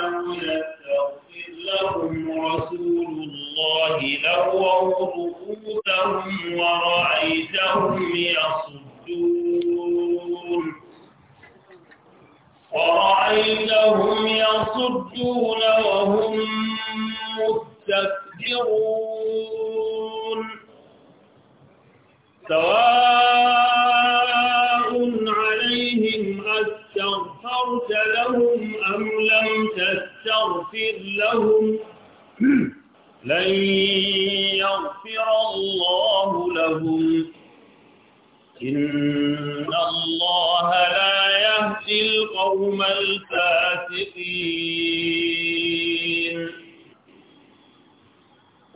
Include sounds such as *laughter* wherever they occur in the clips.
أو يستغفر لهم رسول الله لووا رؤوسهم ورأيتهم يصدون ورأيتهم يصدون وهم مستكبرون سواء غفرت لهم أم لم تستغفر لهم *clears throat* لن يغفر الله لهم *clears throat* إن الله لا يهدي القوم الفاسقين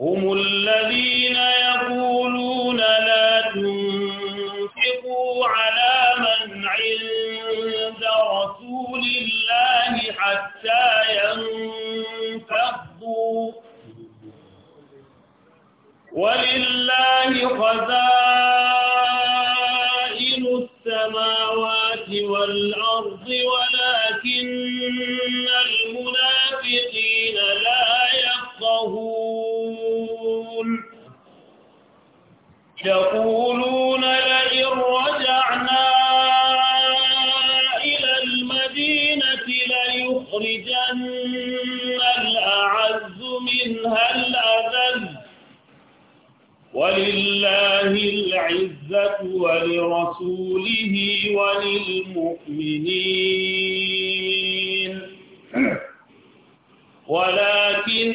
هم الذين يقولون لا تنفقوا على من عند حتى ينفضوا ولله خزائن السماوات والأرض ولكن المنافقين لا يفقهون يقولون لا الأذل ولله العزة ولرسوله وللمؤمنين ولكن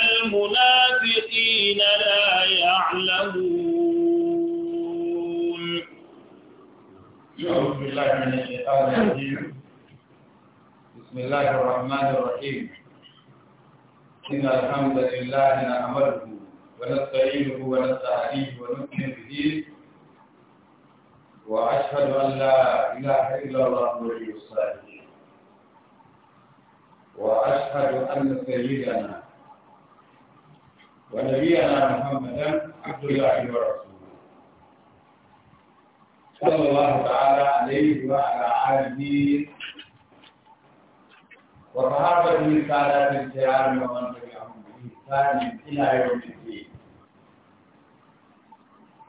المنافقين لا يعلمون بسم الله الرحمن الرحيم إن الحمد لله نعمله ونستعينه ونستهديه ونؤمن به وأشهد أن لا إله إلا الله ولي الصالحين وأشهد أن سيدنا ونبينا محمدا عبد الله ورسوله صلى الله تعالى عليه وعلى آله وصحابته السادات الكرام ومن تبعهم بإحسان إلى يوم الدين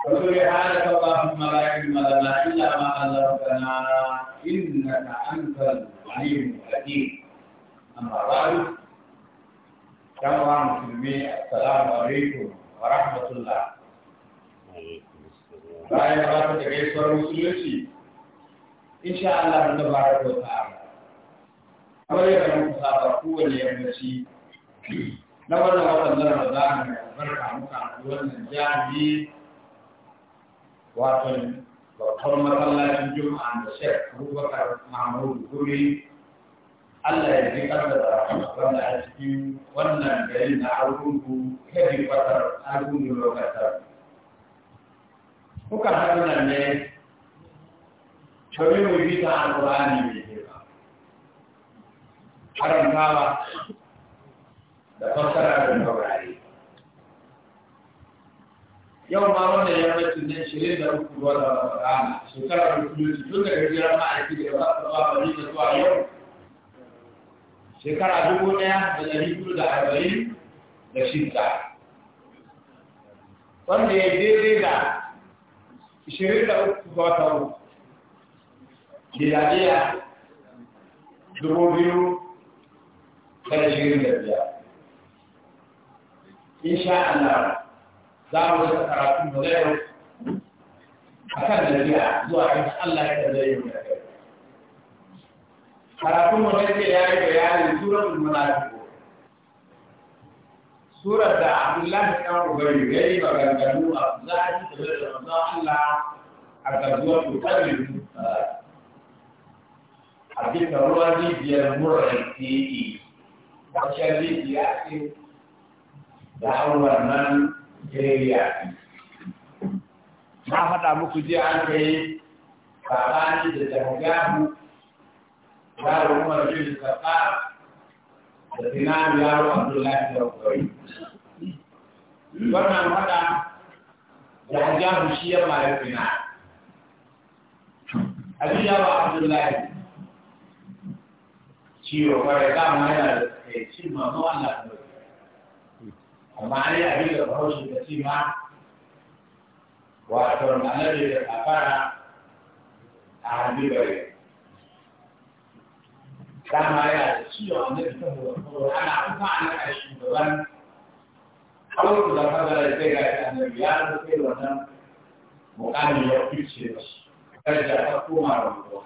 وسبحانك اللهم لا علم لنا إلا ما علمتنا إنك أنت العليم الحكيم أما بعد كما مسلمين السلام عليكم ورحمة الله bayan ba ta gaisuwar musulunci insha إن شاء الله تبارك وتعالى. ya akwai yaran musaba kowane yammaci na wannan watan na Ramadan mai albarka muka wannan jami'i wato babban masallacin Juma'a da Sheikh Abubakar Mahmud Guri Allah ya ji karda da wanda a cikin wannan gari na Argungu kadi fatar Argungu lokacin kuka haɗu nan ne domin mu bi ta Alƙur'ani ne haramtawa da fassara da taurari yau ma wanda ya yi mutu ne shirin da uku ruwa da rana shekarar musulunci tun da hijirar ma'aiki da ba su ba bari da zuwa yau shekara dubu ɗaya da ɗari kudu da arba'in da shida wanda ya daidai da ishirin da uku ga wata uku miladiya dubu biyu kada shirin da biya insha Allah za mu da karatu da zai a kan da biya zuwa kan Allah ya da zai yi da kai karatu mu ne ya yi bayanin suratul munafiqun surar da Abdullahi ya rubari yayi maganganu a zai da Allah a gazuwar tutarin a bisa ruwa jijiyar murar teki wajen rijiya ce da hauwar nan jeriya na faɗa muku je an kai babani da targabu yaro umar da abdullahi da kwai wannan faɗa da shi ya mara abdullahi yana da kai ci ma mu Allah ne amma ai abin da Bahaushe ka ci ma ọmọ annabi da ọmọ a hadibare dama ya da ciwo annabi ta mu ana kuma ana kashi gaban kawai da fadar da ga annabi ya rufe wannan mukamin ya fice da shi kada ta koma da mutuwa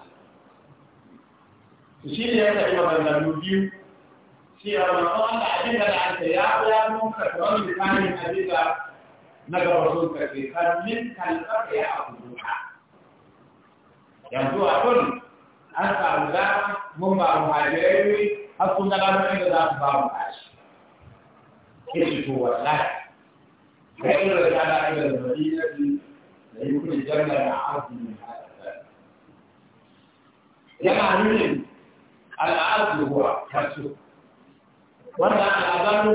shi ne ya tafi maganganu biyu cewa manzo Allah abin da aka ya ya mun ka wani misalin hadisa na ga rasul ka ce kallin kalfaka ya abuduha yanzu a kun an samu da mun ba mu hajirai har kun ga ranar da za ku ba mu kashi kishi to wallahi kai irin da ana irin da madinati da yi kuma janna na arziki yana nuni al'adu huwa kasu wanda aka azanu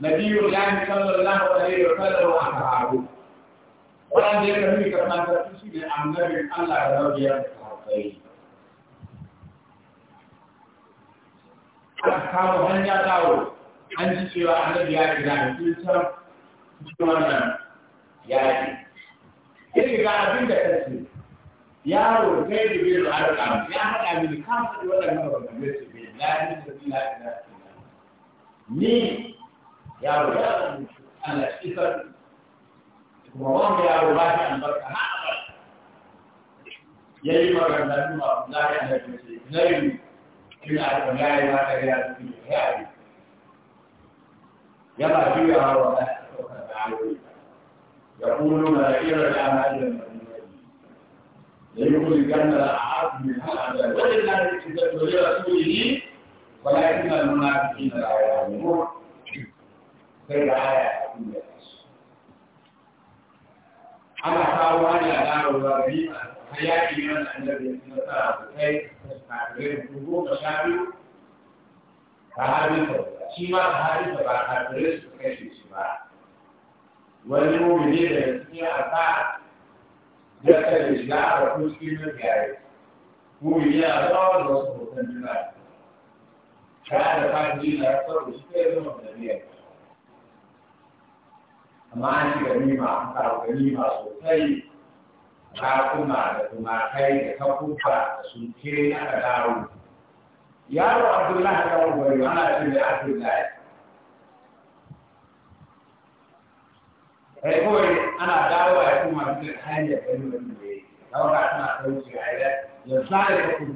nabiyyu lahi sallallahu alaihi wa sallam wa ashabu wanda ya kafi karman da su ne annabin Allah da rabiya da sahabbai aka kawo hanya dawo an ji cewa annabi ya kira a cikin cikin wannan yaƙi ya ga abin da kansu yaro kai da bai da ya haɗa mini kan faɗi waɗannan maganganun su bai lafi da bai lafi ni yaro ya rubutu ana isar kuma wanda yaro ba shi albarka ha abar ya yi maganganu ma za ka yi albarka na yi ina da gaya ma ta gaya su ne ya yi ya ba shi ya hawa na ɗaukar da ayoyi ya kuru na irin da ana yi da ya yi kuri ganar a haɗu ne har a da wani na da ke da tsoron rasuli ولكن المنافقين لا يعلمون غير آية أنا أقول أن أنا أرغب حياتي من الذي نتعب فيه غير حقوق شعبي فهذه شيما هذه تبع هذه كيف شيما والمؤمنين الذين أطاعوا يتبعون الإسلام وكل كلمة من مؤمنين أطاعوا الله سبحانه وتعالى كان فاضي لا يصير شيء من الدنيا amma an ci ganima an samu ganima sosai rakuma da tumakai da kafufa da sunke aka dawo yaro abdullahi da wani ana ce da abdullahi sai kawai ana dawo a kuma da hanyar ganin da ne suna sauci a yadda yanzu za a yi kuma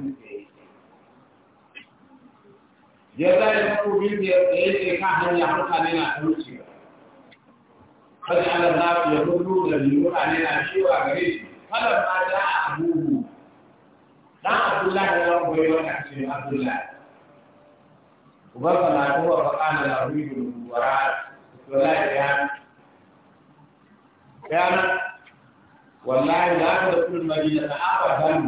ya za ya fi biyu da yake kan hanya mutane na talauci kada ala na ya hudu da mutane na cewa gare shi kada ma da abubu dan abdullahi ya goyi wannan ce abdullahi ubar kana ko wa kana la hudu wara wallahi ya ya wallahi la da kullu madina abadan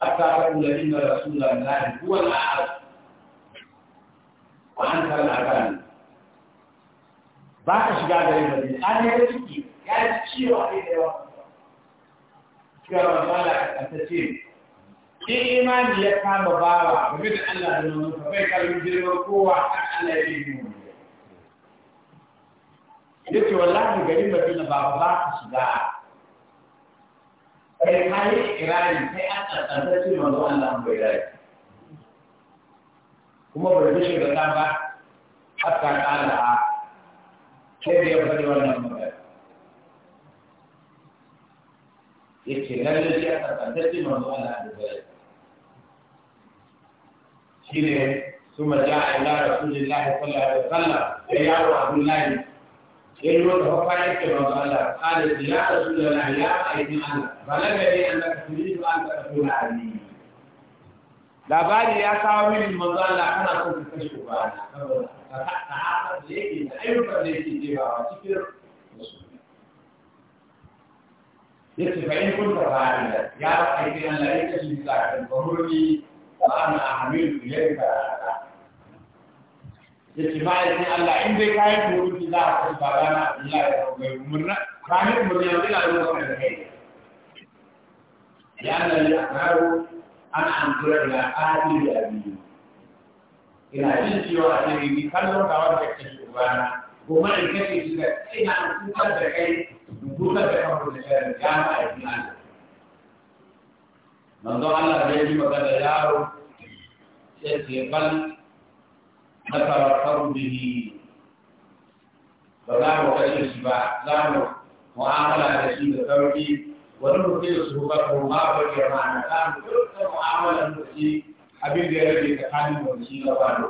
hatta qala inna rasulullahi huwa al-a'raf a hankali a gani ba ka shiga garin madina an yi ciki ya yi ciwo a ne da yawa cewa masala a ta ce in imani ya kama bawa game da Allah da nan ka bai kalmi girman kowa a Allah ya yi mu yace wallahi garin madina ba ba ka shiga kai kai kirani sai an ce cewa Allah bai dace kuma bai rushe da ta ba hatta ƙara a sai da ya faɗi wannan magana ya ce lalle shi aka tsantarci manzo Allah da zai shi ne ثم جاء إلى رسول الله صلى الله عليه وسلم يا عبد الله إنه توفى يكتب الله قال يا رسول الله يا أيدي الله فلم يدري أنك تريد أن تكون عليم labari ya kawo mini manzo Allah kana so ka kashe ubana saboda ka ta da yake da ayyukan da yake jewa cikin yace fa in kunta fa'ila ya aiki nan la yake shi da kan bahurni wa ana ahmilu ilayka yace ma yace Allah in dai kai buruki za ka ba bana Allah ya mai umurna kana umurni Allah ya rubuta kai ya Allah ya karo an an tura ila adili abiyu ina jin cewa a ne ni kallon ka wanda kake shugabana kuma in kake shiga ina kuka da kai kuka da kanku da kai ya ba a yi nan manzo Allah bai yi magana yaro sai ce bal nasara farbihi ba za mu kashe shi ba za mu mu'amala da shi da sauki wani mutum ya su ba ko ma ba ke ma na duk da mu'amalan mu ci abin da ya rage tsakanin mu shi na ba do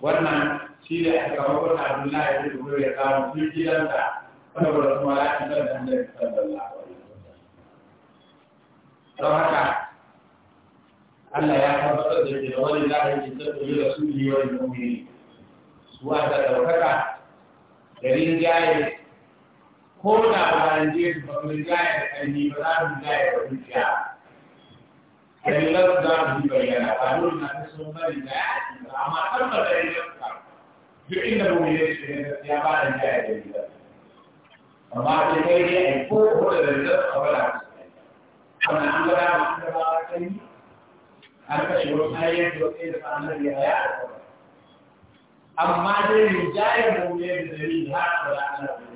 wannan shi ne a kamar wani abin da ya fi dubu ya kawo fi gidan da wani wani kuma ya fi dan da ya fi dan da ya fi dan haka Allah ya fi sa da ke da wani lahi ji sai da su yi wani mummuni su wata da garin jaye. ko da ba a je ba mu gaya da ni ba za mu gaya da hujja dalilan za mu yi bayyana ba dole na ta sun bari da yaki ba amma tabbata da ya ka duk inda mu yi shi ne ya ba da gaya da ni amma da kai ne ai ko ko da dalilan ka ba da wannan an gada ma an gaba kai an kashe wasu hayyar da kai da annabi ya ya amma dai mu jaya mu ne da dalili har da Allah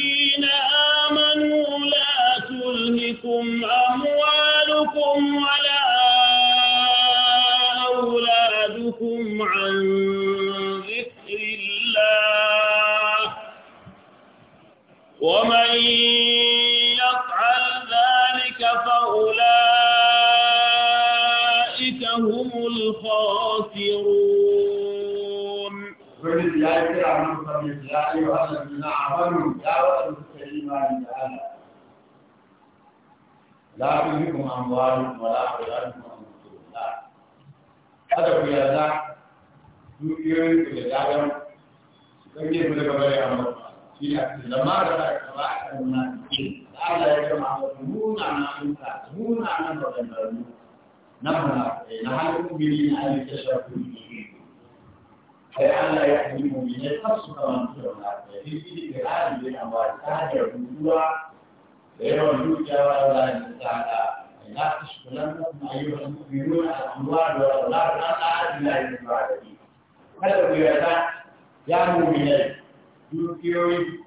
تلهكم أموالكم ولا أولادكم عن ذكر الله ومن يفعل ذلك فأولئك هم الخاسرون فبالله يا رب العالمين يا أيها الذين آمنوا يا رب الكريم لا تلهكم أموالكم ولا أولادكم عن ذكر الله هذا في الله دوكيوي في الجاهل كيف نتبرع عن في أكل لما رأى كما المنافقين لعل يجمع مؤمنون عن المتعصمون عن المتعصمون نحن نحن المؤمنين أن يتشرفوا به فلعل يحمي المؤمنين خاصة من في المنافقين في الجهاد أن هذا هو da yawan dukiyawa Allah ya tsada la tashkulannakum ayyuhal mu'minuna al-amwal wa al-awlad la ta'dilu min ba'dihi kada ku yarda ya mu'minai dukiyoyi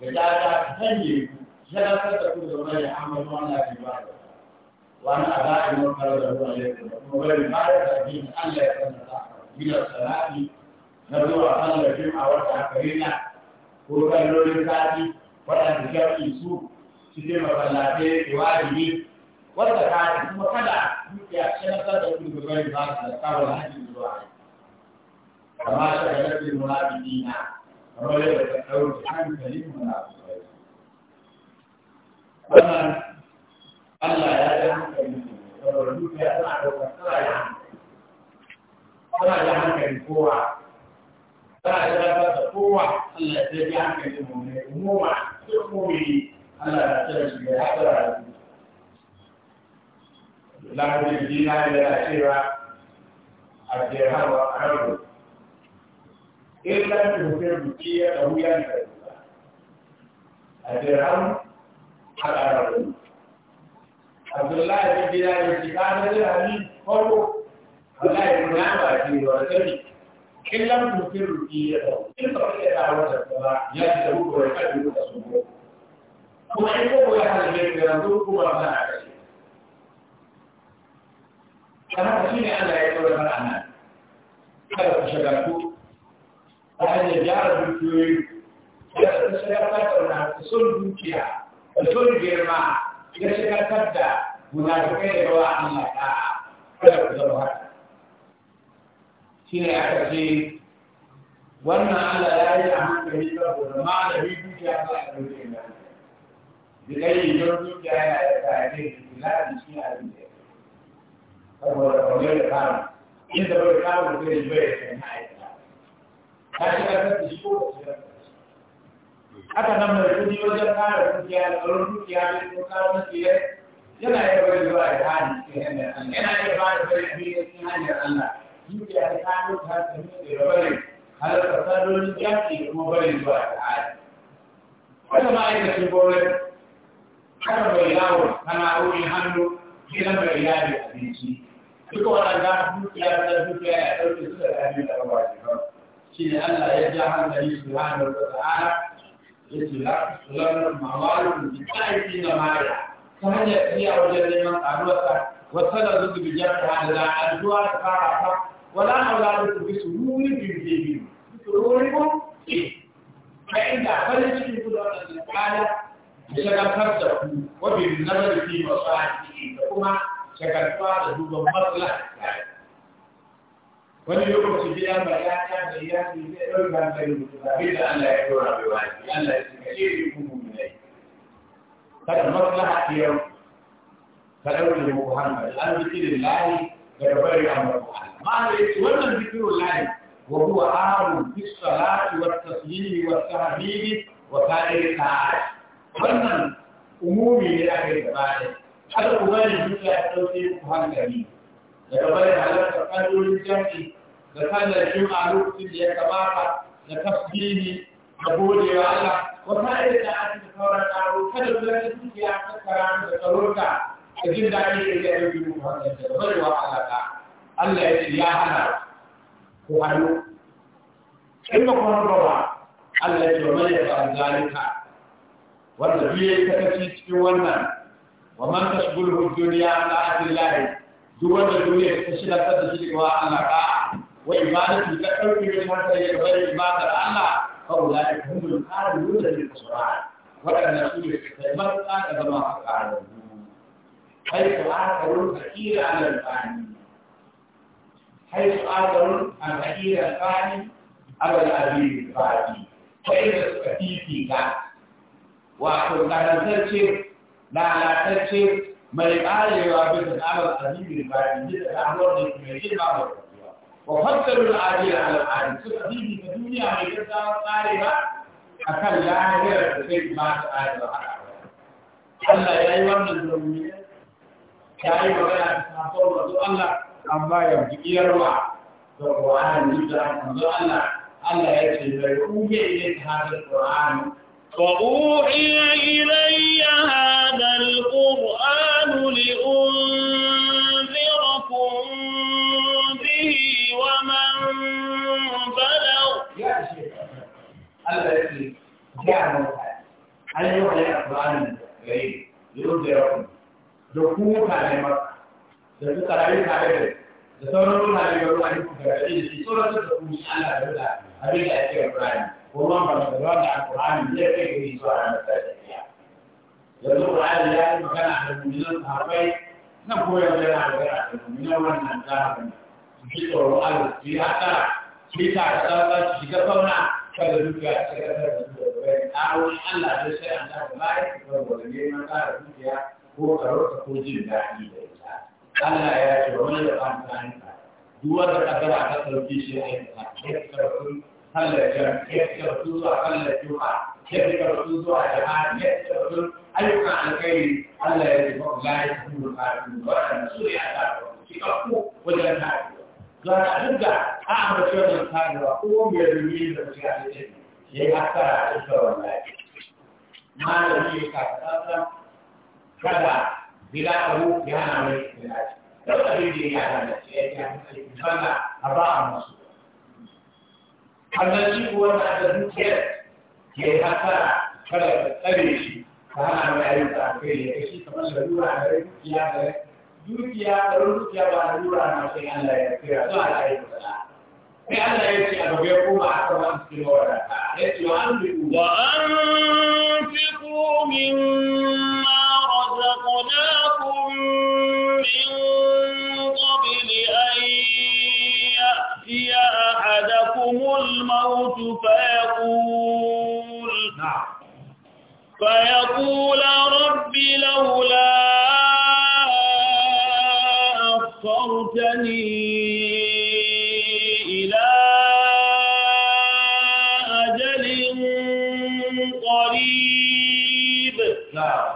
da dada sanye yana kada ku da wani amal wanda ke ba da wani abai mun karanta ruwa ne kuma bari ma da addini Allah ya sanar da bila na zuwa sallar jum'a wata ko kallolin sati waɗanda shafi su je masallatai da wajibi wanda ka kuma kada dukiya ce na sada ku da bari ba su da kawo hajji zuwa kama shi da nabi munafiki na kamar yadda ka ɗauki hankalin munafikai wannan Allah ya ji hankali saboda dukiya tana ɗaukar tana da hankali tana da hankali kowa tana da hankali kowa Allah ya ji hankali mu ne umuma duk mumini Allah ya shi haɗa dina yana cewa a jeharwa a rabu in lan tuhufin buki ya ɗau yan karfuka a jeharwa a rabu abdullahi bin dina ya ci ƙanar rami farko wallahi kuna ba ce wa sani in lan tuhufin buki ya ɗau in ba ya ɗau wata ya ci da hukawar ƙarfi da su kuma in ko ya halbe da ran duk kuma ba na kai kana shi ne Allah ya tsora mana nan kada ku shiga ku a hanyar gyara dukiyoyi ya shagaltar da sun dukiya da sun girma ya shagaltar da munafikai da yawa Allah ta kada ku zama haka shi ne aka ce wannan Allah ya yi a hankali saboda ma'ana bi dukiya ba a ɗauke da bilayi don dukiya yana da tare da lafi shi a duniya saboda kwanar da kamun inda bai kamun zai yi bai kai na aikata ta shi ka kasa shi ko ka shi haka nan mai kudi wajen kare dukiya da tsaron dukiya da kuma kawo dukiya yana iya bai zuwa da hannun cikin hanyar Allah yana iya ba da bai biyu cikin hanyar Allah dukiya da kamun ta sami da rabarin halarta sadolin jaki da kuma bai zuwa da hannun wata ma'aikacin gwamnati haka mai kana sana'o'in hannu gidan mai yawon abinci duka waɗanda dukiya da dukiya ya ɗauke su da ɗari da rawa ne ba shi ne Allah ya ja hankali su hana da ta'ala ya ce la su lamar mawalin da ta'aiki na maya ta hanyar tafiya wajen neman ƙaruwarsa wata da zuzu bi jami'a da la'aduwa da fara ta wala haula da su bi su nuni biyu biyu biyu su rori ko ke ta inda farin cikin su da wannan tsada da da ku wabin nazar fi masu da kuma shagaltuwa da duban matsala wani lokaci gida ba ya ta da ya ce zai da mutane da Allah ya ɗora bai wani Allah ya ce ce ne kuma mu ne kada matsala ta yau ka ɗauke Muhammad an zikirin lahi da bari a Muhammad ma da ya ce wannan zikirin lahi وهو عار في الصلاة والتسليم والتهليل وسائر الطاعات wannan umumi ne a kai gaba ne kada ku ne duka ya ɗauke ku hankali daga bari halarta ƙadorin jami da shi juma'a lokacin da ya kamata da tafsiri da godewa Allah wata irin da aka da sauran aro kada ku zai suke ya kakkara da tsaronka da jin daɗi da ya ɗauke ku hankali daga bari wa alaƙa Allah ya ce ya hana ku hannu in ba kuma ba Allah ya ce wa mai da zalika wanda duk ya sakaci cikin wannan wa man tashgulu dunya an ta'atillahi duk wanda duniya ta shiga ta da shi wa Allah ka wa ibadatu ta dauke da mata ya bar ibadar Allah fa ulai humul qarun da ke tsara wadanda su ne kai ba ta da zama a qarun kai qarun hakira al bani حيث آذر عن أكيد الثاني أو الأبي الثاني فإذا استفيتك wato karantacce lalatacce mai karewa bisa tsarar alhimmi ba da ji da ramuwar da kuma yi ba ba wa fassarul ajiyar al'adu suka bibi ta duniya mai ta samun karewa a kan lahiyar da zai ma ta karewa Allah ya yi wannan zurmi ya yi magana da safon wasu Allah amma yanzu iyarwa da Ƙur'an da Allah Allah ya ce bai kuge ne ta hadar Ƙur'an وأوحي إلي هذا القرآن لأنذركم به ومن بلغ الذي جعل أن يعلن القرآن الكريم لأنذركم دخول على مكة da suka rayu tare da da sauran mutane da ruwa ne kuka rayu da shi sauran suka kuma shi Allah da ruwa abin da ake wa Ibrahim kuma ba su da alƙur'ani ya kai gari zuwa ranar tafiya yanzu ƙur'ani ya yi magana da muminan sahabbai nan ko yanzu yana magana da muminan wannan zamanin su ji tsoron Allah su yi hasara su yi tare tsarsa su shiga fauna kada dukiya su shiga tsarsa su da bayan ƙaronin Allah da sai an tafi bayan su bar wani neman tsara dukiya ko karota ko jin daɗi da ita Allah ya ce wani da ɓanta duk wanda a ƙasar ta halartar yadda su zuwa sallar juma'a yadda su zuwa jama'a yadda su ayyukan alkhairi Allah ya ji ma'u la ya kafin wannan su a ta shi ka ko wajen ta za duka a amince ko mai rubi da ya ce ya a malami ya kada bila abu ya hana da da ya yi da shi, a ba a masu annan shi na da dukiyar ke hasara kada ka tsare shi ka hana mai ayyuka a kai ya kashi kamar lalura da rai dukiya da rai dukiya da rai dukiya ba lalura na sai Allah ya tsira zuwa da ayyuka sana'a sai Allah ya ce a gaba ya koma a kama an tsira wadata ya ce wa an fi wa an fi min الموت فيقول نعم. فيقول رب لولا أخرتني إلى أجل قريب نعم.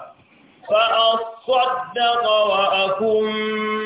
فأصدق وأكن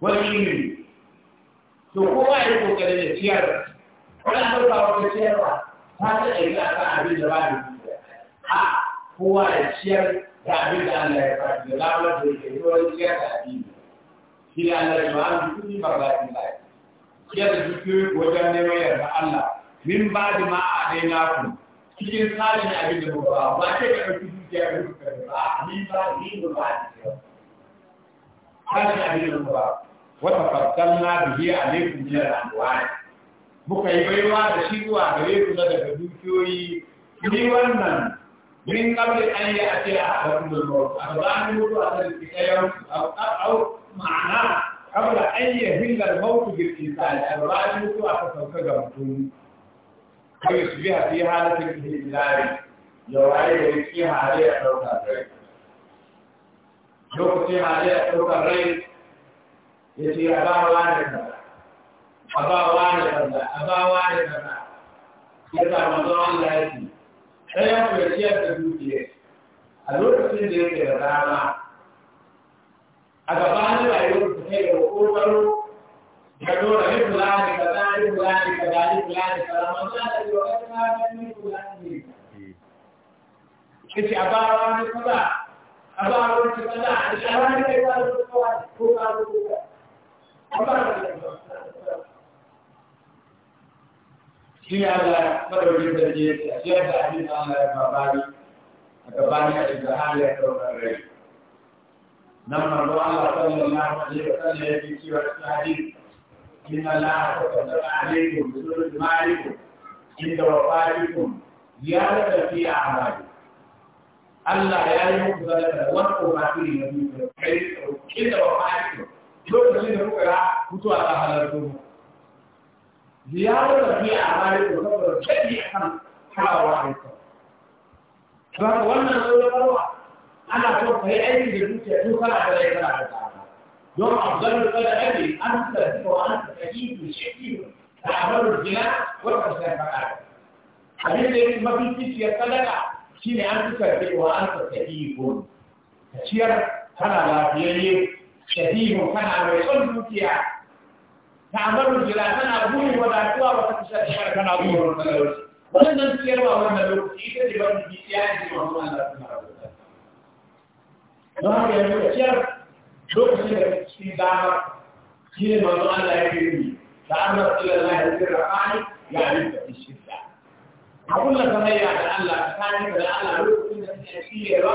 wani ilimi to kowa ya kokari da ciyar wani an ba wata ciyarwa ta ta ɗari a kan abin da ba da a kowa ya ciyar da abin da Allah ya faɗi da lamar da ke yi ciyar da abin shi ne Allah ya ma'an kuɗi marlatin lafi ciyar da dukiyoyi wajen neman yarda Allah min ba da ma a dai na ku cikin tsarin abin da ba ba ce da ɗauki dukiya da duka ba a min ba ni ba ba ta ce abin da ba wata fasalna bihi alaikum min al-amwal muka yi baiwa da shi zuwa gare ku kula daga dukiyoyi ni wannan min qabli an ya'ti A al-maut a mutu azan tikayan a aw ma'ana qabla an girki al a ba insan azan mutu aka sauka ga mutum kai su biya fi halatin hilal ya waye da yake hali a dauka rai lokacin hali a sauka rai يجي أبا وانا كذا أبا وانا كذا أبا وانا كذا يذا مدرون الله يجي سيام ويجي أبدوكي ألوك سيدي كذا أتبعني رأيوك سيدي وقوبرو يقول لي فلان كذا فلان كذا فلان كذا ما الله يوقفنا من فلان كذا أبا وانا كذا أبا وانا كذا أشارك إلى الكوكب shi ne Allah madaukakin sarki ya ce a shi yadda hadisi Allah ya babari a gabanin a inda hali ya ɗaukar rai nan manzo Allah sallallahu alaihi wa sallam ya ce cewa cikin hadisi inna Allah ta tabbata alaikum bi sirri malikum inda wafatikum ziyarata fi a'mali Allah ya yi muku zalata wa ko ba ku ne na duniya kai inda wafatikum lokacin da muka ga mutuwa ta halarta mu ziyarar da biya a bayan da saboda kai a kan kawawa a ita ba ka wannan sauranarwa ana so ka yi aiki da dukiya tun kana da rai kana da tsara don abdullu kada abi an ta tafi wa an ta tafi da shi da amaru jina wata sai faɗa abin da yake mafi kiciyar sadaka shine an da tafi wa an ta tafi Ka ciyar kana lafiyayye شديد كان ويصل دوكيا تعمل جلا كان أبوه ودعتوا وتكشف كان أبوه وتكشف wannan ciyarwa wannan lokaci ita ce wani biya ne da wani Allah su mara wuta. Don haka yanzu da ciyar lokacin da cikin dama shi ne manzo Allah ya ke yi da an rasu da Allah ya zira fani ya yi da shi da. A kullum kamar yana da Allah ta hanyar da Allah lokacin da suke ciyarwa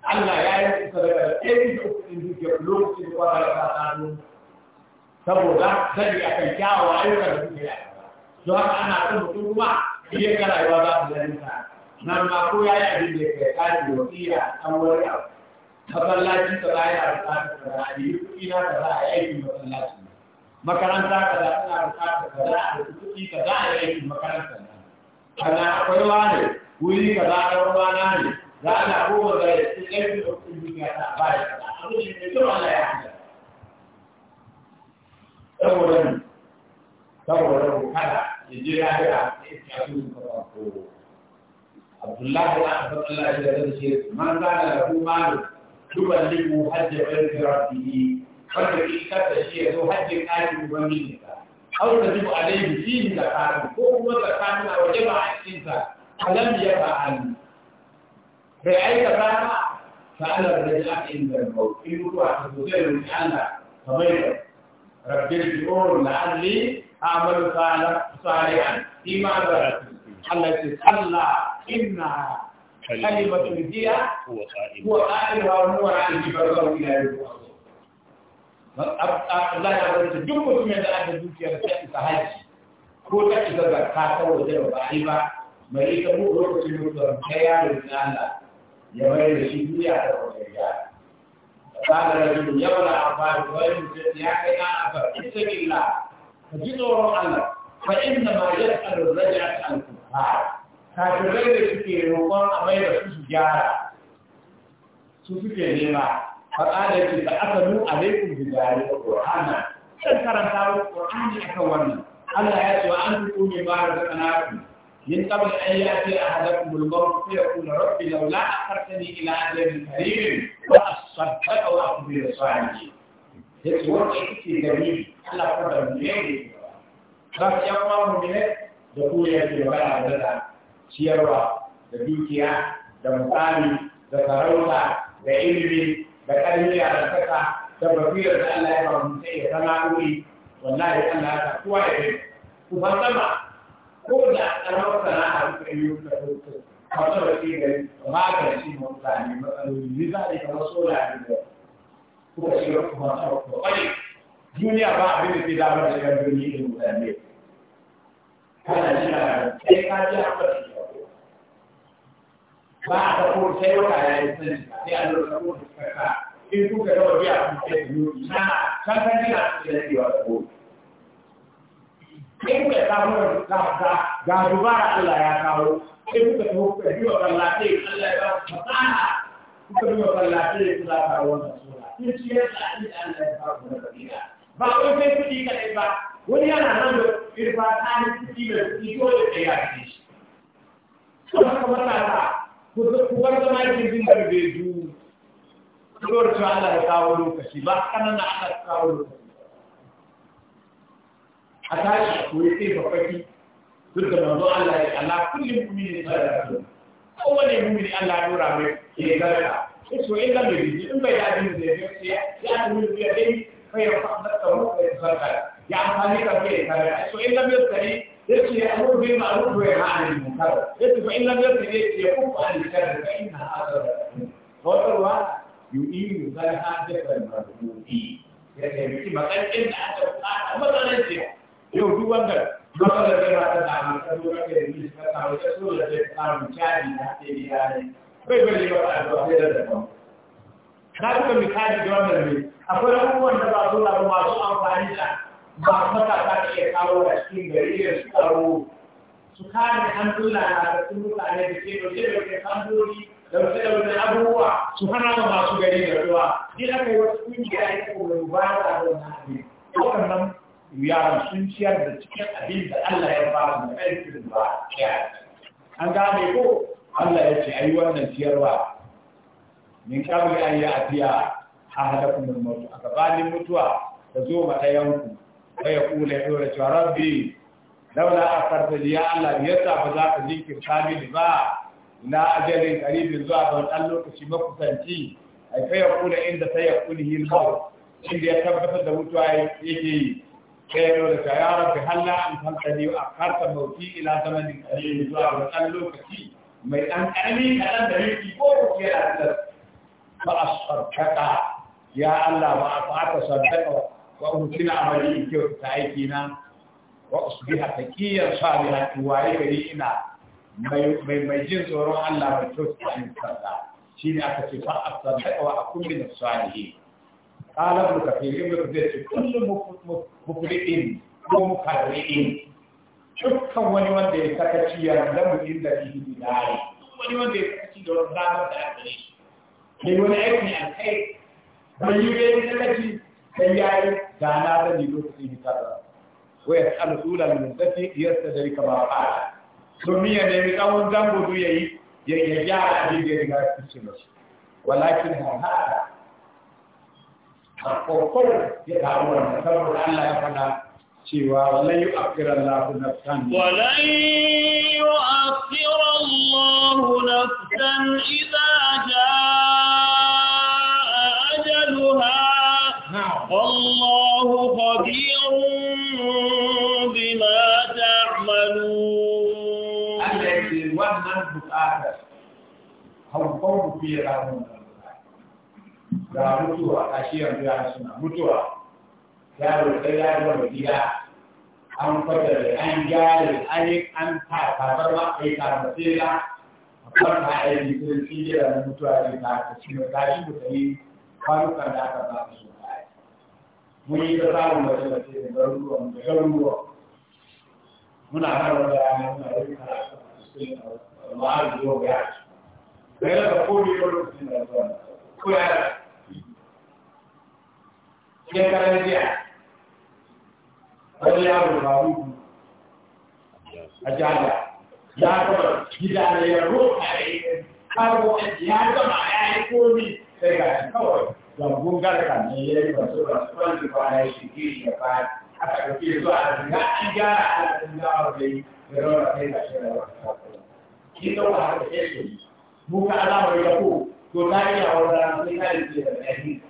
Allah ya yi muku sadaka da ɗaya da uku ɗin dukiyar lokacin da kwanar da ta saboda sani a kan kyawawa ayyuka da suke yi don haka ana son mutum kuma iya ga rayuwa za su zai ta nan ma ko ya yi abin da ke kai kaji wasiya an wani abu masallaci ta za a yi a bukatar ka za a yi kuɗi na ka za a yi aikin masallaci makaranta ka za a bukatar ka za a yi kuɗi ka za a yi aikin makaranta na kana akwai wani wuri ka za a yi wani ne za a na koma ga da cikin ƙarfi da kuɗin duniya ta ba da kaɗa a zuci mai kyau Allah ya hada saboda ne saboda ne kada ya je ya ga da iska sun kawo ko Abdullahi da aka faɗa Allah ya da shi man kana da kuma tuballimu hajja bayti rabbihi wanda shi kada shi ya zo hajjin ɗakin ubangijinsa أو تجب عليه فيه زكاة وهو زكاة وجب على الإنسان فلم يفعل bai aikata ba فعلى الذي عند الموت في مطوع تزيل الامتحان فضيلا رب ارجعون لعلي اعمل صالحا فيما ذرت التي صلى انها كلمة هي هو قائلها وهو عن جبر الى يوم Allah ya wani duk mutumin da aka dukiyar ta isa haji ko ta isa zakka ta waje ba a yi ba mai ita mu lokacin mutuwar ta yaro na Allah ya mai da shi duniya ta kwanciya ba da rajin yawan amfani da wani mutum ya kai na abar ita illa ka ji tsoron Allah fa inda ma ya tsaro raja ta alkuha zai da suke roƙon a mai da su su gyara su suke nema faɗa da yake da aka nu alaikum bi zalika qur'ana kan karanta qur'ani akan wannan Allah ya ce wa an fi ba da ma razaqnakum من قبل أن يأتي أحدكم الموت فيقول ربي لولا أخرتني إلى أجل كريم فأصدق أو أخبر الصالحين. This work is the Allah for the name. Thus, young one minute, the poor year to buy a letter, ciyarwa, the dukiya, the mutane, the sarauta, the ilimi, the ƙarfi the kasa, da basirar da Allah the ba mu sai ya zama wuri, wallahi Allah the kuwa ya ku fa sama ko da karamar sana'a suka yi wuta hoto wata wace gari magance mutane matsaloli misali kamar sola da kuka shiga kuma ta kwari duniya ba abin da ke damar da birni irin mutane kana shi na sai ka ji an fara ba a ta ko sai wata ya yi sani sai an lura ko da kaka in kuka gaba biya kun sai ku yi na san san kina su da ke wata ko sai kuka kawo da ga Allah ya kawo sai kuka kawo kuka yi Allah ya ba ku fasaha kuka yi wa kallace ku za ka wannan sura Allah ya ba wai sai kuɗi kaɗai ba wani yana nan da irfa tsarin kuɗi mai kuɗi dole da ya ce shi to haka matasa ku bar zama Allah ya kawo lokaci ba kanan na Allah ya kawo a tashi ko ya sai babbaki duk da manzo Allah ya Allah kullum mu'mini ne da su kowane ne Allah ya dora mai ke garka ko in da bai in bai da abin da ya ce ya mu ya dai kai ya fada ta mu da zarka ya amfani ka ke garka ko in da bai tsari yace ya amuru bil ma'ruf wa yahi anil munkar yace fa in lam yakun yace ya kufu an shar fa inna hadara wa yu'ilu zalha jaban marhubi yace miki makan da aka fada matsalan ce yau duk wanda matsalar da ba ta samu ta zo kake da ta samu ta so da zai samu cari na ta yi yare bai bari ba ta zuwa sai da daban na duka misali da wannan ne akwai abubuwan da ba su da masu amfani da ba matasa ta ke kawo a cikin gari da su karo su kare handula na da tattun mutane da ke dauke da ke handuli da da wani abubuwa su hana ma masu gari da ruwa. Ni aka yi wasu ƙungiya ya ko kuma ba da wannan abin. Wannan yaran sun ciyar da cikin abin da Allah ya ba da aikin ba an gane ko Allah ya ce ayi wannan ciyarwa min kabli an ya atiya ahadakum al mutu a gabanin mutuwa da zo ma dayanku sai ya kula ya dora cewa rabbi laula akarta ya Allah ya sa ba za ka jinkirta mini ba ina ajalin karibin zuwa ban ɗan lokaci makusanci A fa ya kula inda sai ya kula hil inda ya tabbatar da mutuwa yake yi كيرو لك يا رب هلا أنت لي وأخرت موتي إلى زمن قليل زوار وألو كثير ما أن أمين أن بريك بورك يا أسلم فأشكرك يا الله وأطعت صدقه وأمتنا عملي كيف تعيكينا وأصبح تكيا صالحا وعيكي إنا ما يجنز ورون الله ويتوت عن الصدق شيني أكتفاء الصدق وأكون من الصالحين قال ابن كثير ابن ko mu مفرئ ومقرئ dukkan wani wanda ya mu ya lamu inda bihi bidai wani wanda ya sakaci da wani da aka ne wani aiki a kai bai yi bai sakaci kai ya yi da na zani lokacin ba. wa ya tsalu tsula min zafi diyarsa da rika ba fara domin ya nemi tsawon zango ya yi ya gyara abin da ya riga ya fice mashi walakin ولن يؤخر الله نفسا إذا جاء أجلها والله خبير بما تعملون الذي ومن بكاته هو قوم في رامونه ga mutuwa a shi yanzu ya suna mutuwa yaro sai ya zama gida an fadare an gyare an yi an ta tabar ma a yi tarbatera a kwanta a yi bikin fiye da mutuwa ne ta ta shi ne ta shi mutu yi kwanukan da aka ba su suna mun yi ta samun mace da ce da garuruwan da garuruwan muna harar da yana muna yi karatu a cikin ma'azu yau ya ce. Bayan da komi yau lokacin da zuwa ko yara ya karar jiya wani yaro ba hudu a jihar ya gama gida na ya roƙa ya yi karo ya gama ya yi komi sai ga shi kawai zangon garka ne ya yi basu basu wani shi ke shi ya fara, aka ɗauke zuwa a riga an gyara a ɗin zawar da yi da rauna sai ga shi da wasu shi ɗauka haka ya shi muka alamar ya ko to na iya wani ranar sai na yi ke da ɗaya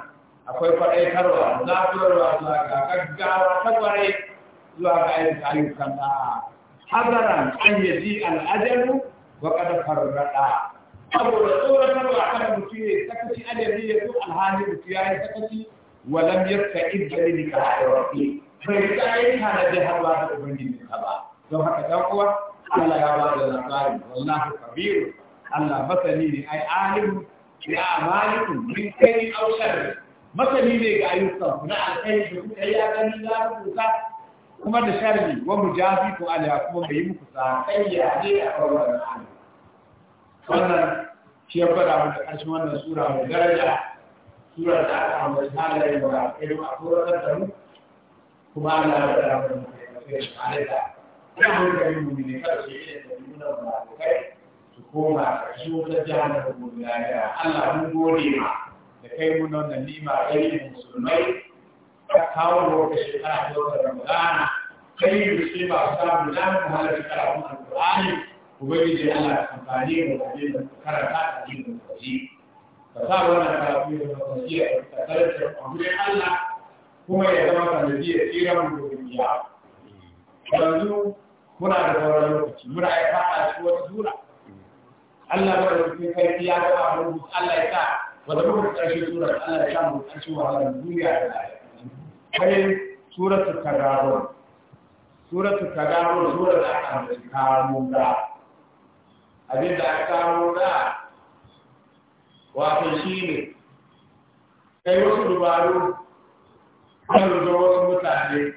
akwai faɗaitarwa zaburarwa zuwa ga gaggawa ta kwarai zuwa ga ayyukan ayyukan da hazaran an yaji al'ajalu wa kada farraɗa saboda tsoratarwa kan mutum ya sakaci ajali ya zo alhali mutu ya yi sakaci walam yasta iddari ni ka haɗe bai ta yi tana da haɗuwa da ubangiji ka ba don haka ɗan uwa Allah ya ba da labarin wallahu kabiru Allah masani ne ai alimu ya amalikum min kai au masani ne ga ayyukan na alkhairi da kuka yi a ganin za kuma da sharri wa mujafi ko ala kuma mai yi muku sakayya ne a kawai wannan shi ya fara mu da ƙarshen wannan sura mai daraja sura da aka ambaci halaye da irin a turar da mu kuma ana da ramar mu da ya fara da ina mun gari mu ne kada su yi da nuna ba kai su koma ƙarshen wata jihar da mu da ya Allah mun gode ma da kai mun da nima a yankin musulmai ta kawo wata shekara ta wata ramadana kai yi shi ba su samu damar halarci karatun alƙur'ani ubangiji ana amfani da wajen da karanta a cikin lokaci ka sa wannan karatu da lokaci a karanta a wurin Allah kuma ya zama sanadiyar tsira mu da duniya yanzu muna da sauran lokaci muna ya fara shi wata sura Allah ba da cikin kai ya ga abin Allah ya sa wanda muka ƙarshe surar Allah ya mu ƙarshe wahalar duniya da kai suratul tagarun suratul tagarun surar da aka kamo da abin da aka kamo da wato ne. kai wasu dubaru kan rubuta wasu mutane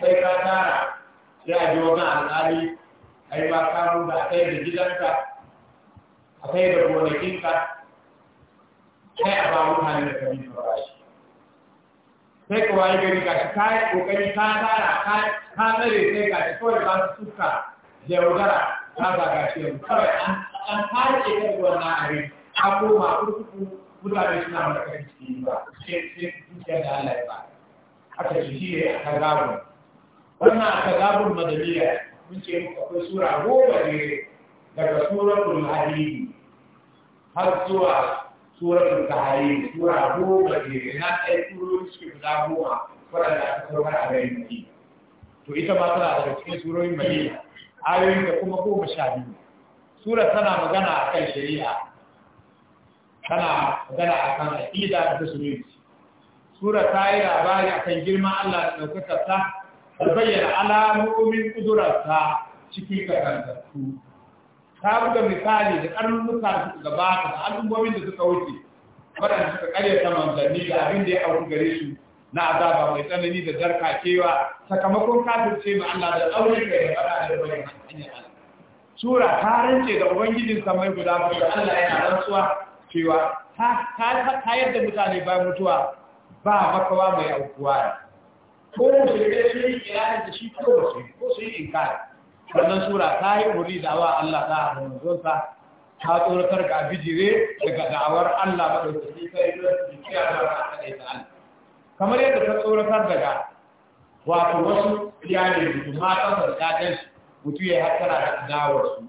sai ka tara sai a ji wani alƙali ai ba kamo da kai da gidanka a kai da gonakinka kai a ba mutane da kabi ba shi sai ka waye gari ga shi ka yi kokari ka tsara ka tsare sai ga shi kawai ba su suka da yaudara ta zaga shi yanzu kawai an fara ke kai na a rai a koma kurkuku mutane suna mata kai ciki ba sai sai zuciya da Allah ya ba haka shi shi ne a kazabun wannan a kazabun madaniya mun ce muku akwai sura goma ne daga suratul hadidi har zuwa suratul tahari sura goma ne na ɗaya surori suke guda goma waɗanda aka saukar a garin madina to ita ma tana daga cikin surorin madina ayoyin da kuma goma sha biyu sura tana magana a kan shari'a tana magana a kan aƙida da musulunci sura ta yi labari a kan girman allah da ɗaukakarsa da bayyana alamomin ƙudurarsa cikin kakantattu ta buga misali da karnuka da suka gabata da al'ummomin da suka wuce waɗanda suka ta manzanni da abin da ya auku gare su na azaba mai tsanani da zarka kewa sakamakon kafirce ma Allah da aure ga ya fara da bayan hanyar Allah sura ta rance da ubangijin samai guda da Allah yana rantsuwa cewa ta yadda mutane ba mutuwa ba makawa mai aukuwa ko su yi shi ya da shi ko su ko su yi inkari wannan sura ta yi wuri wa Allah ta a zonsa ta tsoratar ga bijire daga da'awar Allah maɗaukaki ta yi su kiyar da wata kaɗai ta Allah kamar yadda ta tsoratar daga wato wasu iyalin mutum ta da ɗaɗen mutu ya hattara da su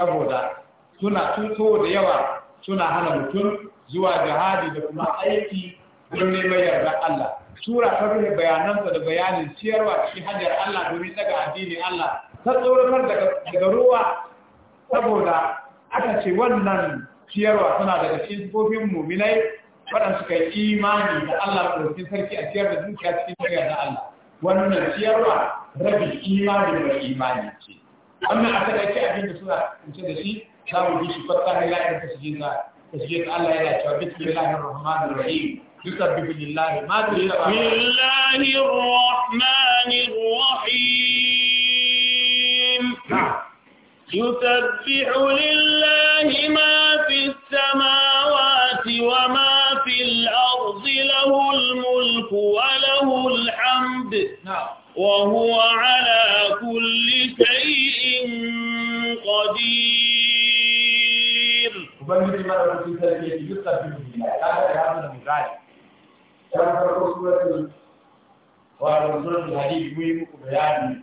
saboda suna tuto da yawa suna hana mutum zuwa jihadi da kuma aiki don neman yarda Allah sura ta rufe bayanansa da bayanin ciyarwa cikin hanyar Allah domin daga addinin Allah ta tsoratar daga ruwa saboda aka ce wannan ciyarwa suna daga cikin sufofin muminai waɗansu suka imani da Allah ɗaukin sarki a ciyar da dukiya cikin ciyar da Allah wannan ciyarwa rabi imani mai imani ce wannan a taƙaice abin da suna kunce da shi za mu bi shi fasta na la'ayar ta shige ta shige Allah yana cewa bismillahir rahmanir rahim yusabbihu lillahi ma ta yi da rahim نعم. يسبح لله ما في السماوات وما في الأرض له الملك وله الحمد نعم. وهو على كل شيء قدير وبنجد ما لو كنت تلقيت يسبح لله هذا هذا المثال كان في سورة وعلى سورة الحديد ويمكن بيانه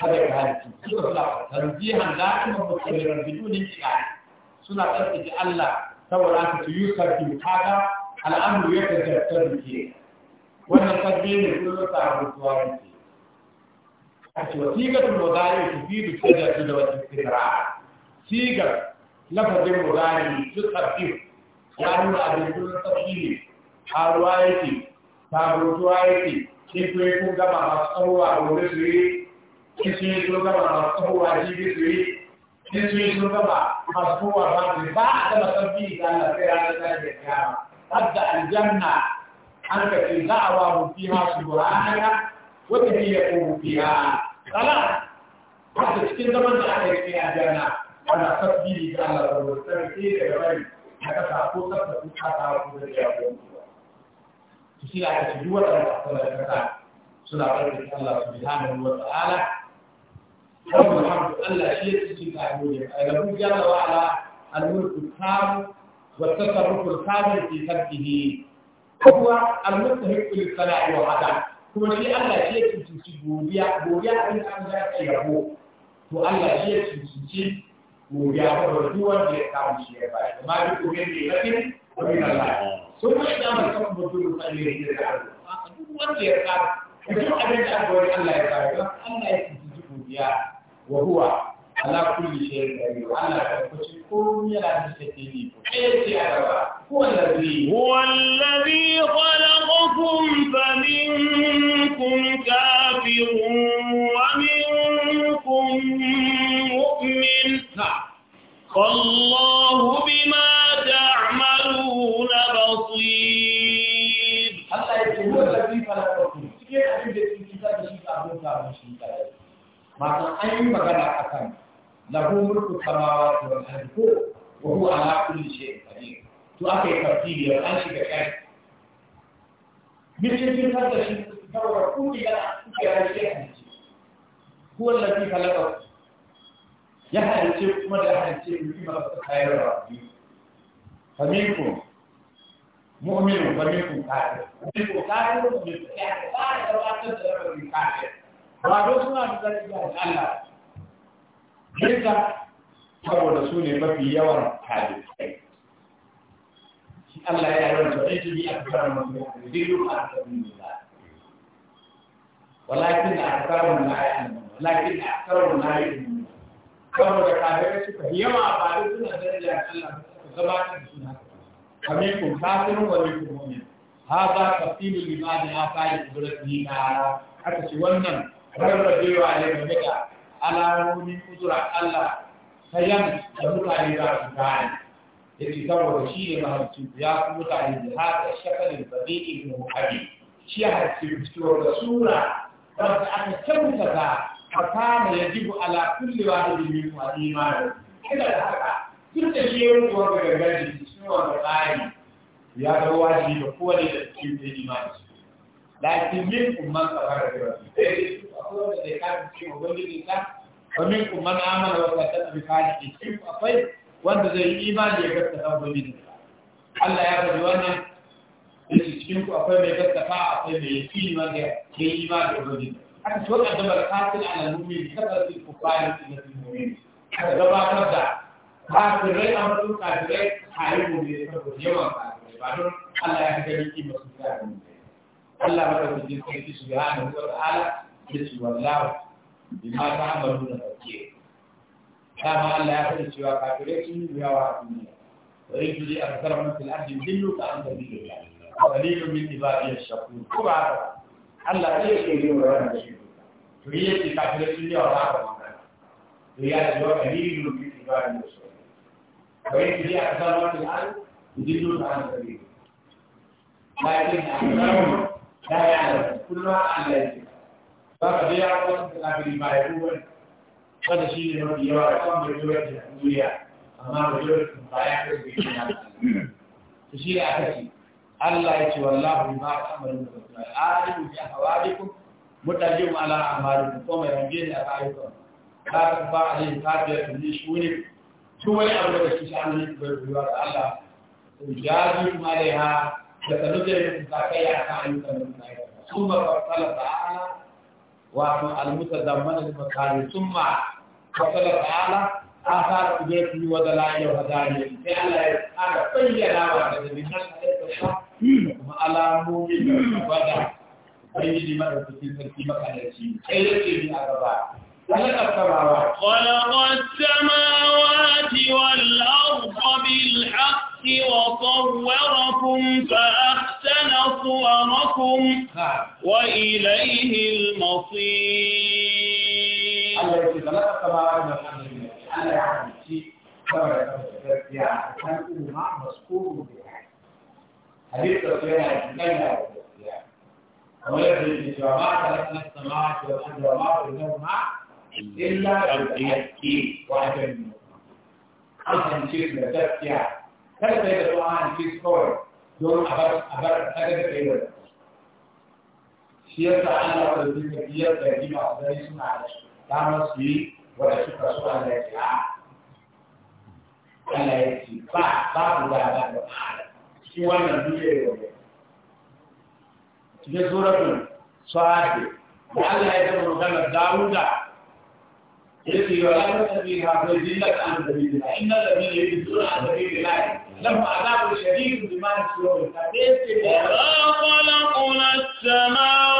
tabar halittu suka suna tarbihan la'iman mutsaliran bidunin kiyaye suna tsarkake Allah saboda haka su yi sarki kaga al'amuru ya kajarta duke wannan sarki ne kullum sa da duke a ce wasiƙatun mozari su fi da kajarta da wata fitira sigar lafazin mozari su sarki ya nuna abin kullum sarki ne haruwa yake sabuwa yake kin kun gama masu tsawo a wurin su in sun yi sun gama masu kowa jibi suyi? yi in sun yi sun gama masu kowa ba su ba a gama sabbi da Allah sai ranar tashin kiyama hadda aljanna an ka ce za a wa mu fiha subhana wata hiya ko fiha ba su cikin zaman da aka yi a aljanna ana sabbi da Allah da wasu sarki da bari A sa ko sabta ko ta ta ko da jawo shi aka ce duk wanda aka tsara suna barkin Allah subhanahu wa ta'ala له الحمد ألا شيء في تعبدين له جل وعلا الملك التام والتصرف الكامل في خلقه هو المستحق للصلاة وحده kuma shi Allah ya cucuci godiya godiya din da ka yabo to Allah shi ya cucuci godiya ba da duk wanda ya kawo shi ya bai amma duk ko ne ne lakin ko ne Allah so ko da mun san mu duk sai ne da Allah duk wanda ya kawo duk abin da Allah ya kawo Allah ya cucuci godiya wa huwa ala kulli shay'in qadir ala kulli komai yana da take ko sai huwa allazi huwa allazi khalaqakum fa kafirun wa minkum mu'min فالله بما تعملون بصير الله يقول الذي خلقكم كيف أجد الكتاب شيء أبو shi. ma'ana an yi magana a kan lahu mulku samawa wal wani ko wa huwa shi kulli shay'in qadir to aka yi tartibi da an shiga kai mutum kin da shi saboda kuɗi da kuke a hanci ko lafi halaka ya halice kuma da halice mutum ba su kamin ku mu'minu faminku kafir faminku kafir mu'minu kafir ba da wata da rabin kafir ba don suna da zargi a Allah yadda saboda su ne mafi yawan hadisai shi Allah ya yarda da shi ne a cikin masu hadisu a cikin Allah walakin aktharun la ya'lamun walakin aktharun la ya'lamun saboda kafirai suka yawa ba da suna daraja Allah su gabatar da suna amikum kafirun wa amikum mu'min hadha tafsilul ibadi ma fa'i qudratihi ta'ala haka ce wannan rarrabewa ne game da alamomin kusura, Allah ta yan da mutane za su gane ya ce saboda shi ne mahalicin ya fi mutane da haka shakalin babi'i ne muhabi shi ya halicci fitowar da sura wata aka kyautata a kama ya jibu ala kulli wahidin min imanin kila da haka duk da shi ya rubuwa ga gargaji cikin wanda tsari ya ga wajibi da kowane da cikin imani lakin min umman tsakar da rasu أقوى الذي كان في مظل الإنسان ومنكم من آمن وكتب بفعله كيف أطيب وأنت زي الإيمان يكتب تقوى من الله يا رب وانا cikin akwai mai gaskata akwai mai yakini ma ga ke yi ma da ubangiji haka shi wannan dabar kafin ala mumin kada su ku bayan su na su mumin haka gabatar da kafirai a matsayin kafirai tare mu ne saboda yawan kafirai ba don Allah ya ga ni masu kafirai Allah ba da kujin sarki subhanahu wa ta'ala yace wallahi bima ta'malu da kake kama Allah ya faɗi cewa kafirai sun yi yawa a duniya wa yajri aktharuhum fil ardi yudilluka an sabilillah qalilun min ibadiyash shakur ko ba Allah ya ce ne wannan shi to yace kafirai sun yi yawa a duniya to ya ce qalilun min ibadiyash shakur wa yajri aktharuhum fil ardi يدلون عن سبيله لكن أحسنهم لا يعلم كل ما عن ذلك za ka biya wasu kafiri ba ya ruwan wanda shi ne mafi yawa a kan majority a duniya amma majority ba ya kai bai kina to shi ne aka ce Allah ya ce wallahu ma ta'malu da alimu bi ahwalikum mu ala a'malikum ko kuma range ne a ayyukan ka ta ba alai ka ta yi shi ne shi wani abu da shi an yi bai ruwa da Allah Ya jaji kuma da ha da sanuta da ta kai a kan ayyukan da ta yi kuma fa sala ta'ala وأن المتضمن المكان ثم وصل تعالى آثار بيته ودلائل وهدايا فعلا هذا بينا وعد من على مؤمن وبدا بين ما في تركي مكان الشيء كيف خلق السماوات والأرض بالحق وطوركم وصوركم فأحسن صوركم نعم. وإليه المصير شيء يعني حديث رسولنا kada sai da ruwa an ci kawai don a bar a bar kada da kai wani shi ya sa an lafa da duka biyar da yi masu gani suna da damar su yi wadda suka so an da ya Allah ya ce ba ba ku da ba da ba shi wannan duniya ya yi cikin suratul sa'ad da Allah ya zama maganar Dawuda التي بلغت فيها في عن سبيل الله إن الذين يجدون عن سبيل الله لهم عذاب شديد بما خلقنا السماوات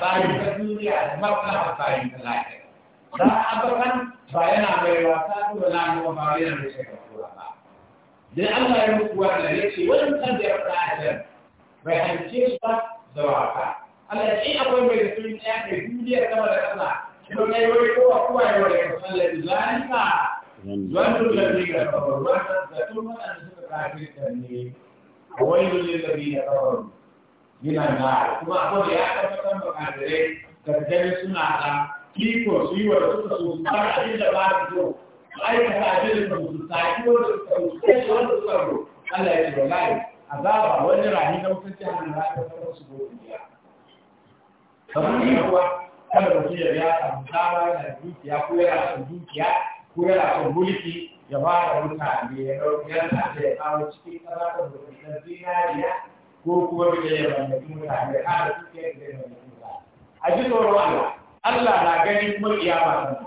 bayan ta duniya da na bayan ta lafiya za a bakan ba yana mai wasa da na nuna ba yana da shekaru ba dan Allah ya muku wannan ya ce wannan kan da ya a jan bai halice su ba da wasa Allah ya ce akwai mai da sun ya kai duniya sama da kasa kuma kai wani kowa kowa ya wani ya sallar zalika wannan da ne ga kafaru wannan da tun wannan da suka ta ne a wani da biyu da kafaru minan na kuma abu da ya tabbatar da kafirai da gani suna da kiko, su yi wa suka so abin da ba su zo su aikata abin da su saki wanda suka so sai wanda suka so Allah ya ce wallahi azaba wani rani na wutar jihar na tabbatar su gobe biya kamar yi kuwa samu dukiya ko yana son dukiya ko yana son mulki ya fara mutane ya ɗauki da ya cikin ƙasa da mutum zinariya ko kuma biyayyar mallaki mutane har da suke biyayyar mallaki mutane a ji tsoron Allah Allah na gani kuma ba ta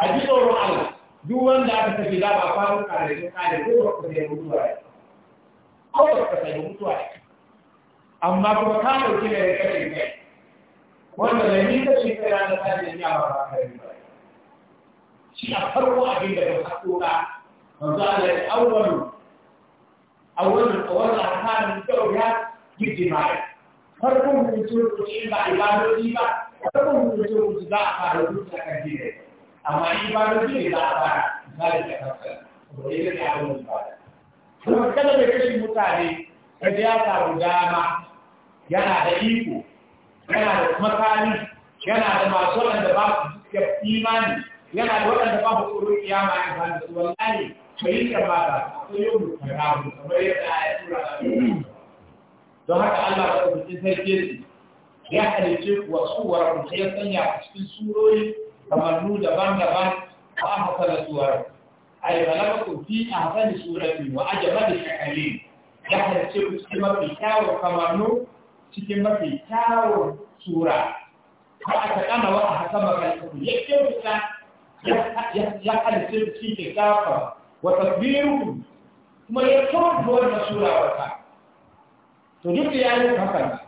a ji tsoron Allah duk wanda aka tafi da ba faru kare da kare ko ba ku da mutuwa ko ba ku da mutuwa amma kuma ka dauki ne da kake kai wanda da ni kace kai ranar ta da ni a ba kare ba shi a farko abin da ka tsora manzo Allah ya awwalu أول أول أركان التوحيد بالجماعة فرقم من سورة الشيبة عبادة الشيبة فرقم من سورة الشيبة عبادة الشيبة أما عبادة الشيبة عبادة ذلك كفر وإذا كان عبادة kuma kada da kashin mutane ka ya samu dama yana da iko yana da makami yana da masu waɗanda ba su imani yana da waɗanda ba su tsoron kiyama in hannu su wallahi kai ka ba ka ko yau mu ka ga mu don haka Allah ya rubuce sai ke ya halice ku wasu wara ku sai sanya cikin surori kamar nu daban-daban ba a hasala suwar ay balagakum fi ahsani surati wa ajmali shakalin ya halice ku cikin mafi kyawun kamar cikin mafi kyawun sura ba a taƙana wa a hasama kalkuku ya kyauta ya halice ku cikin kyakkyawan Wata biyu kuma ya kawo wannan sura wata to duk da yayin haka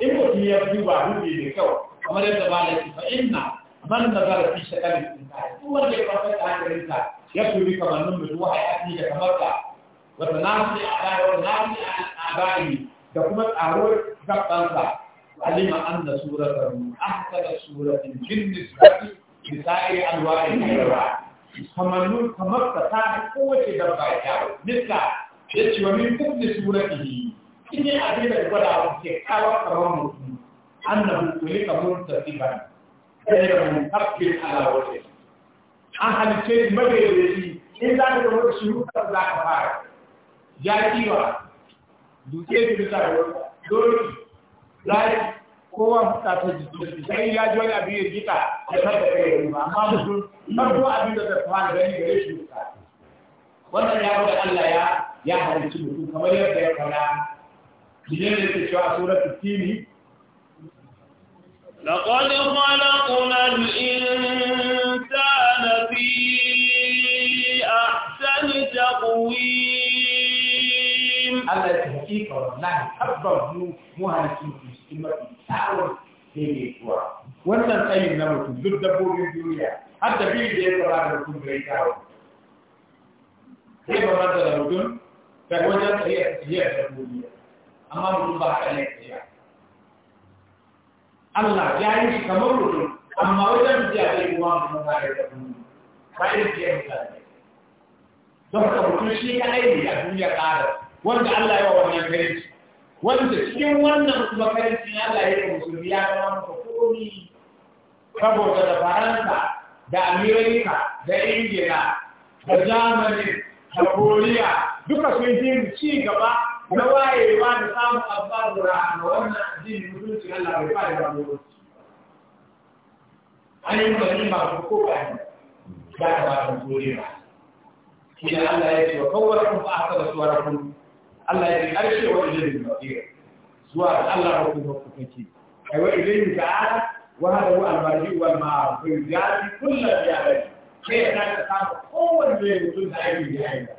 in mutum ya fi ba hudu ne kyau kamar yadda ba na kifa inna man nazara fi shakal insani duk wanda ya fasa ta hankalin sa ya turi kamar nan mutum wa da kamar ka wa tanasi ala wa tanasi da kuma tsaro gaban sa alima anna suratan ahsana suratin jinnis bi sa'iri alwa'i al-hayra kamannu kamar ta ta kowace dabba ya niska ya ce wa min kulli yi in yi abin da gwada a wuce kawo kamar mutum ba kulika muntasiban da mun tafkin ala wajen an halice shi in za ka zama shi shuruɗar za ka fara ja kiwa duke da bisa da wata doki zai kowa fuska ta jiki ya ji wani abin ya jika da kanta kai yi ba amma mutum farko abin da ta fara gani gare shi fuska wannan ya ga Allah ya ya halicci mutum kamar yadda ya fara Jinin da ke cewa suratul Tini لقد خلقنا hakika wallahi tabbas mu mu halittu cikin mafi tsawon daidaituwa wannan tsayin na mutum duk dabbobin duniya har da biyu da ya fara da mutum bai kawo sai ba manta da mutum da wajen tsaye tsaye da dabbobi amma mutum ba ka ne tsaye Allah ya yi shi kamar mutum amma wajen tsaye zai kuma mutum ba ya da dabbobi ba irin tsaye mutane don ka mutum shi ka aini a duniya ƙarar wanda Allah ya wa wannan wanda cikin wannan kuma karincin Allah ya yi musulmi ya zama maka komi saboda da faransa da amerika da ingila da zamani da koriya duka sun yi ci gaba na wayewa da samun abubuwa a wannan addini mutunci Allah bai fara da mutunci an yi mutane masu ba ne ba ta mu kore ba shi da Allah ya ce wa kawar kun aka da kuma Allah ya yi ƙarshe wa ilayhi al-masir zuwa ga Allah ya kuma kusanci ai wa ilayhi ta'ala wa hada wa al-marji wa al-ma'ar fi rijali kullu rijali ke da ka samu kowanne mutum da aiki da aiki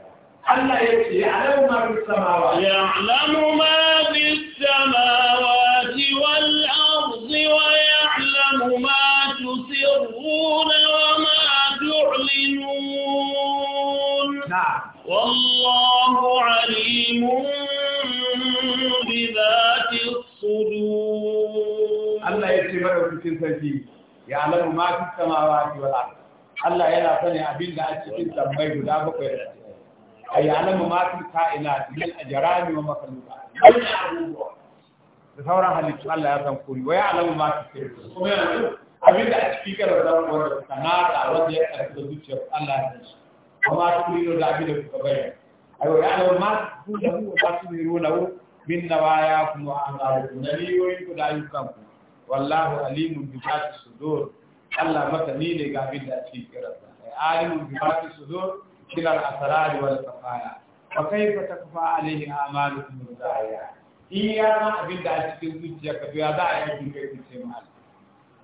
Allah ya ce ya'lamu ma fi samawa ya'lamu ma fi samawati wal ardi wa ya'lamu ma tusirruna wa ma tu'linun na'am والله عليم بذات الصدور الله يتبرع في تنسكي يعلم ما في السماوات والأرض Allah yana sani abin da a cikin tambayi guda bakwai da cikin. A yi alamu masu ka'ina min a jarami wa makaluka. Wani Da sauran halittu Allah ya san kuri, wai alamu masu kiri. Kuma yana abin da a cikin karar zama wanda ta nada wanda ya karfi da zuciyar Allah ya shi. وما تريد العبيد كبير أو يعلم ما تقولون وما تميرونه من نواياكم وأعمالكم نبي وإنكم لا يفهمكم والله عليم بذات الصدور الله مثني لقابل أشيك ربنا عالم بذات الصدور كلا الأسرار والخفايا وكيف تخفى عليه أعمالكم الضائعة إيانا أبدا أشيك وجهك في أداء يمكنك الشمال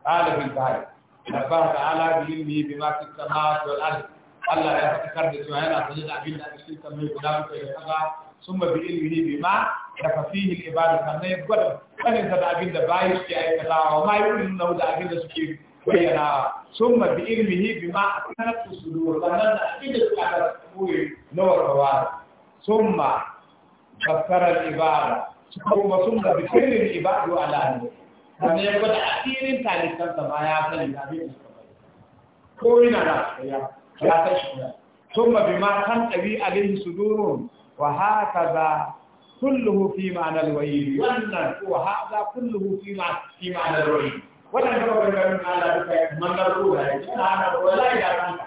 قال بالباري نبه تعالى بعلمه بما في السماوات والأرض Allah ya fitar da cewa yana sanye da abin da ake cikin sammai guda muka da kaza sun ba bi ilmihi bi ma da fasihi ibada. kan ne gwada sanin da abin da shi ai aikata wa ma yi nau da abin da suke bayyana sun ba bi ne bi ma a sanar da su duro da abin da suka da koyi na warkawa sun ma fasara ibada kuma sun ba bi sirrin ibadu ala ne dan ya gwada asirin talikan ma ya kalli da abin da suka bayyana ko ina da ya ya san shi ثم بما تنقضي عليه صدورهم وهكذا كله في معنى الويل وهذا كله في معنى في معنى الويل wannan gaba da garin Allah duka man da ruwa ya tana ana wala ya ranka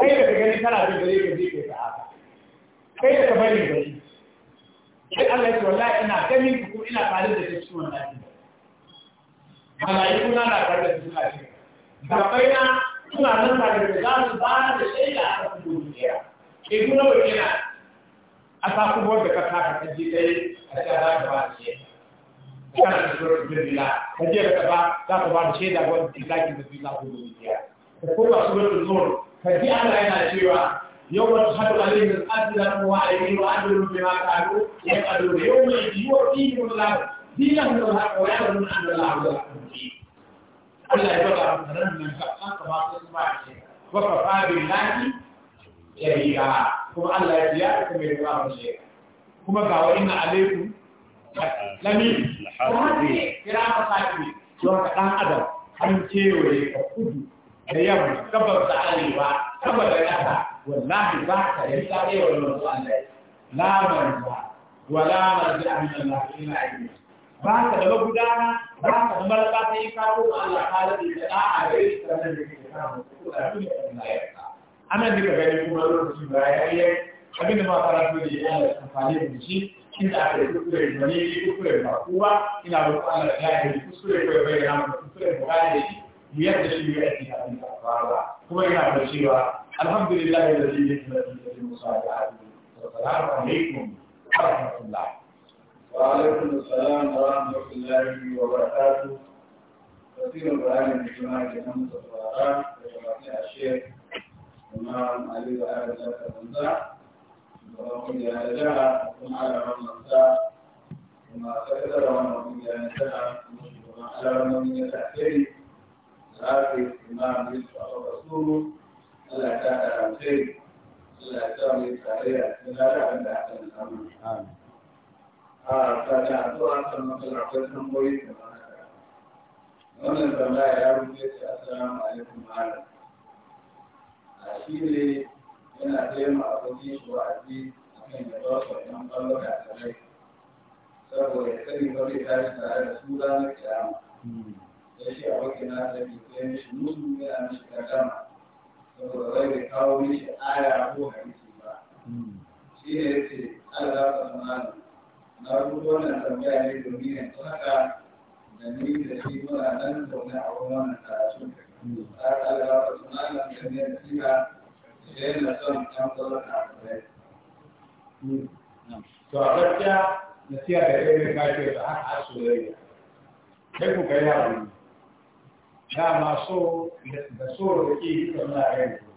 kai da ka gani kana jin gare ka ji ke ta haka kai da ka bari gari sai Allah ya ce ina ganin ku ina tare da na na na suna nan tare da za su ba da shaida a kan duniya ke nuna wa yana a sakubuwar da ka saka ka ji kai a cikin za ka ba da shaida kana da surar jirgila ka je da ba za ka ba da shaida ga wani tilakin da su za duniya da kuma surar zuwa ka ji Allah yana cewa يوم تشهد عليهم الأسلم وعليهم وأدلوا بما قالوا يفعلون يوم يأتي يوفيهم a دينهم الحق ويعلمون أن الله هو kuma المبين Allah ya faɗa abu da nan ka an ka ba su ba ce wa fa fa billahi shahida kuma Allah ya biya ka mai ruwa mu ce kuma ga wa inna alaikum lami lahadi kira ka fadi don ka dan adam an kewaye ka kudu da yamma gabar da arewa gabar da kasa wallahi ba ka yi tsare wa Allah la manza wala manza min Allah illa ilayhi ba ka da magudana ba ka da malaka ta yi kawo ma Allah halin da da'a da yi da ke samu ko da su ne Allah ya ka gani kuma lokacin da ya yi abin da ma karatu da ya yi amfani da shi inda aka yi kuskure da ne yi kuskure ba kowa ina roƙon Allah ya yi kuskure ko bai da namu kuskure ko ga da shi yadda shi ya yi a cikin fara kuma ina da cewa alhamdulillah da shi ne da shi da shi musa da alaikum wa rahmatullah وعليكم السلام ورحمة الله وبركاته كثير من جماعة جماعة الصلاة وجماعة الشيخ إمام علي وعلي ذات المنزع وقل يا رجاء وكن على رمى الساعة وما سكتر وما يا نساء وما على رمى يتحكي العافي إمام يسوع رسوله ألا تعالى الخير ألا تعالى الخير لا لا أن أحسن الأمر آمين a kacin addu'a akwai da wannan ya rubuce ta a yana taimaka abokin shi wa'azi a kan ya ba saboda ya ba tashi tare da su ya shi saboda zai bai kawo mishi aya ko hadisi ba shi ne ya ce Allah ta tsammanin na rubuta wannan tambaya ne domin ya tsaka da ni da shi muna nan zaune a wurin wannan karatu har Allah wa sunan da ne da kira da na son kan zuwa na kai to a gaskiya nasiya da irin kake da haka a soyayya Sai ku kai hawo dama so da so da ke yi kamar a yanzu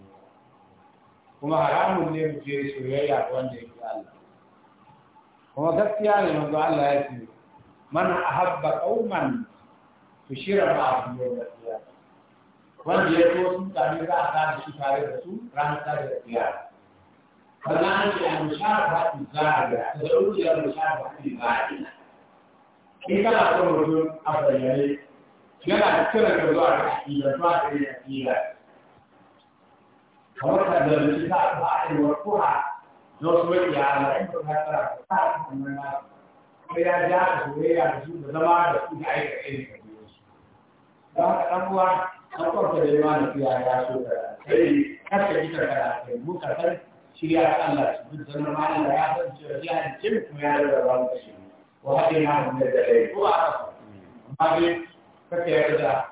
kuma haramun ne mu je soyayya wanda ya fi Allah وقت يعني من قال الله يسمي من أحب قوما فشير بعض من الأسياد وان جيتو سن تعبير أحضار شفار الرسول رحمة الله الأسياد فلان في المشار بحث الزاعدة تدعون إلى المشار بحث الزاعدة إذا أقول رجل أفضل يليك جدا كثيرا كبضوع الحقيقة جدا كثيرا كبضوع الحقيقة كبضوع الحقيقة كبضوع الحقيقة na wasu maƙiya Allah in ka fara ka fara ka ya ja ka soyayya da zama da su da aika ɗaya ka biyo su don haka ɗan uwa an kwarta da yawa na fiya ya so ka sai kasta kika karatu mu ka san shirya ta Allah su duk zama ma Allah ya san cewa ya halicce mu ya rarraba mu da shi na mu da ɗaya ko a haka amma ya kake yarda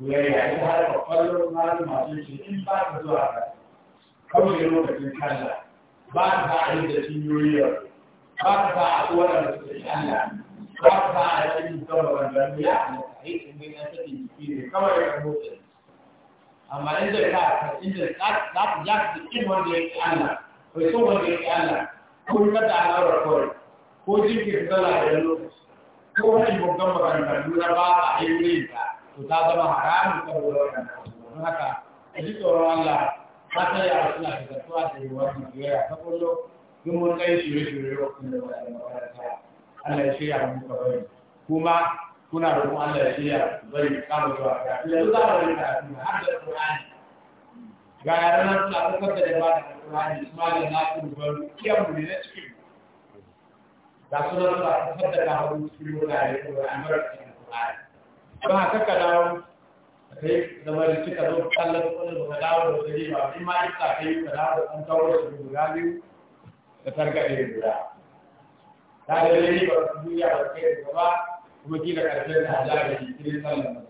ya ita har babban lokacin masu shi in ba ka zuwa ka kauce lokacin kalla ba ka sa a yi da cinyoyiyar ba ka sa a kuwa da ba ka a yi da kama wannan a yi in bai sake jiki ne kawai ya motsa amma inda ka ka inda za ka ya ka wanda ya so wanda ya ko yi mata alawar kawai ko jirgin sallah da ko wani na ba a yi wurin ta to ta zama haramun saboda wannan haka a ji tsoron Allah haka yara suna kasantuwa da yiwuwar nigeria ta kullo duk mun kai shirye-shirye lokacin da wani makaranta allah ya shirya mu ka bari kuma kuna roƙon allah ya shirya bari kama zuwa ga yanzu za a bari karatu har da ƙur'ani ga yaran nan suna fitar da jama'a da ƙur'ani su ma da nasu ruwan kiyan mu ne na cikin ga sunan suna da labarin cikin wurare ko da amurka cikin haka ka dawo sai zama da suka zo kallon da dawo da in ma iska ka yi da an kawo da su guda biyu da targaɗe guda ta da dai ba su duniya ba kai da gaba kuma kila karshen da halala da jikin sallan da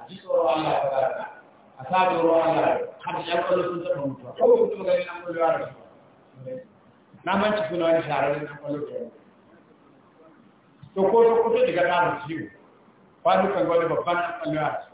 a ji tsoron Allah ta a sa tsoron Allah har da kwallo sun taɓa mutuwa ko ba ganin an kwallo na manci suna wani shahararren an kwallo to ko ta kusa daga namun ciwo gwani babban an kwallo su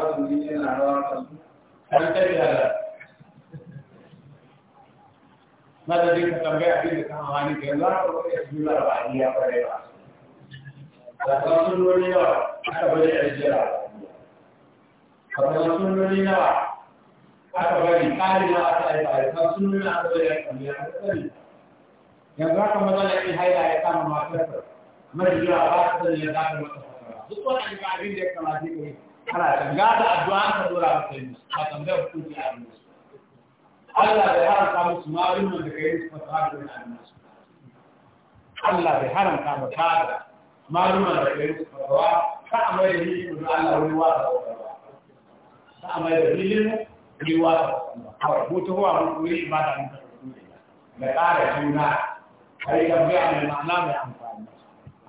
azumi yana rawa kansu har kai da madadin ka tambaya abin da kan hawa ne ke yanzu haka wani ya zuwa ba a iya kware ba da kuma sun nuni yawa aka bari a jira kamar sun nuni yawa aka bari kari nawa aka aika a yanzu sun nuni aka bari a kamar ya kasari yanzu haka matsala in haila ya kama masu matarsa mara jira ba su ta sani ya zaɓi masa duk wani abin da ya kamata ya yi ana ganga da addu'a aka dora masa yi a tambayar kuɗi a yi Allah bai haramta musu ma'alumin da kai su fasa da wani ba su. Allah bai haramta ba ta da ma'alumin da kai su fasa ta amai da hilin da Allah wani wata ta amai da hilin wani wata ba ko ta ba mun kuri ibada mun ta kuri da ƙara juna a yi tambaya mai ma'ana mai amfani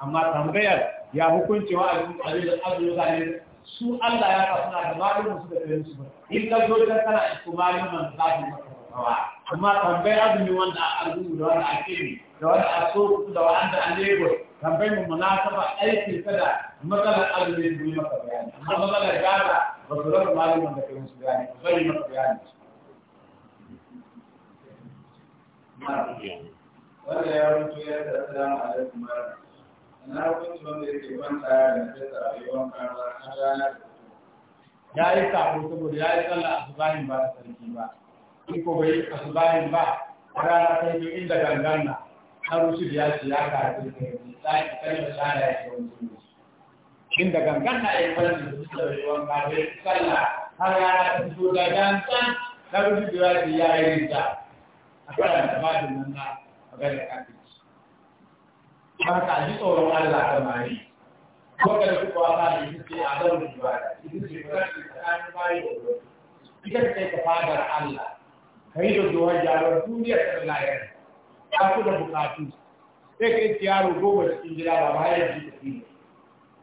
amma tambayar ya hukunci wa a yi da azuru zane su Allah ya fa suna da malum su da kare su ba in zo da kana su malum man za su maka amma tambayar ne wanda a arzu da wanda a kiri da wanda a so da wanda a lebo tambayar mu munasaba saba kada matsalar azumi ne maka bayani amma matsalar gaza ba su rasa da su bayani da alaikum warahmatullahi na hukunci wanda yake kwanta da a yi wanka ba har rana da ya yi sabo saboda ya yi tsalla a subahin ba da sarki ba in ko bai a subahin ba a rana ta yi inda gangan na har rushe ya ce ya karatu da yanzu tsari kalmar shahada ya ce wani inda gangan na ya kwanta da su da yi wanka bai sallah har rana ta fito da gangan har rushe ya ce ya yi rinta a kan da ba da nan na magana kafin haka ji tsoron Allah samari wanda da kuka wata da ita ce a zaune ibada ita ce ba za tsakanin bayi da wani ita ce ta fadar Allah ka yi da zuwan jarar duniyar ta layar ta fi da bukatu sai ka yi yaro goma cikin gida ba ba ya ji tafi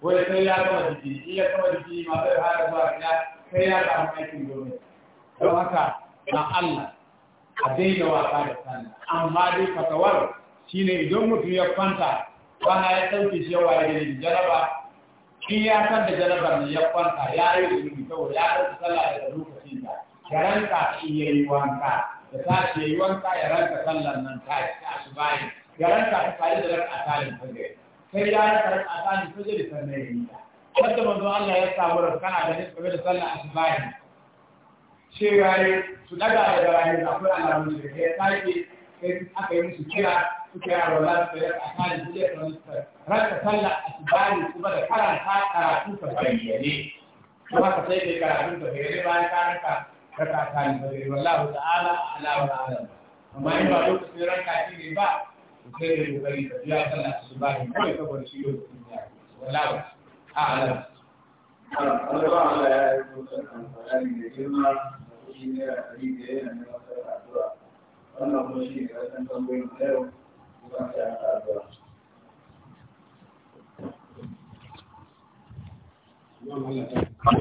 wani sai ya kama jiki in ya kama jiki ma zai fara zuwa gida sai ya samu aikin gwamnati don haka na Allah a daina wasa da sallah amma dai fatawar ne idan mutum ya kwanta bana ya sauke shi yawa ya gani jaraba in ya san da jaraba ne ya kwanta ya yi zunubi kawo ya ɗauki sallah daga lokacin da ya ranka shi ya yi wanka da shi ya yi wanka ya ranka sallar nan ta yi ta shi bayan ya ranka ta fari da ranka talin fage sai ya ranka ranka fage da sannan ya yi ta wanda manzo Allah ya samu rankana da ne game da sallar ya yi su daga da bayan akwai alamun shirkai ya sake sai aka yi musu kira suka yi arwala su a kan jiya da wani raka sallah a tubali kuma da karanta karatu ka bayyane kuma ka sai kai karatu ka bayyane bayan karanta ka ka kan bayyane wallahu ta'ala ala wa amma in ba lokacin ranka shi ne ba sai da kokari ka biya sallah su ba ne kawai saboda shi yau da wallahu a'lam Allah Allah ya yi kusan amfani da girma da shi ne a ɗari da yana da masar wannan kuma shi ne kasan tambayin yau Thank you.